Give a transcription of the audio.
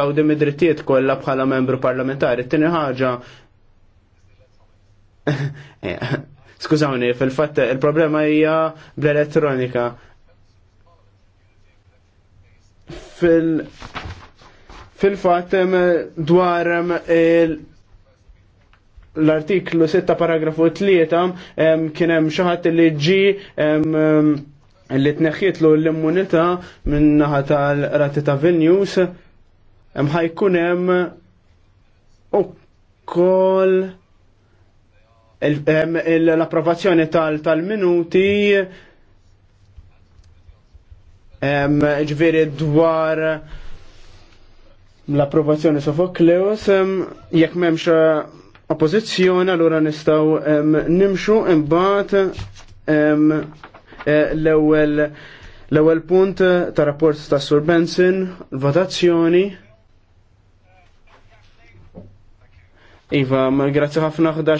għawdi mid kolla kollha bħala membru parlamentari. Tini ħaġa Skużawni, fil-fatt il-problema hija bl-elettronika. Fil- fil-fatt dwar il- l-artiklu 6 paragrafu 3 kien hemm xi ħadd li ġi li tneħħitlu l-immunità minn naħa tal-rati ta' Vilnius hemm ħajkun hemm ukoll l-approvazzjoni tal-minuti ġveri dwar l-approvazzjoni Sofokleus jekk m'hemmx eh, oppożizzjoni allura nistgħu nimxu imbagħad eh, l-ewwel l ewel punt ta' rapport ta' Sur Benson, votazzjoni Iva, ma' grazzi ħafna 11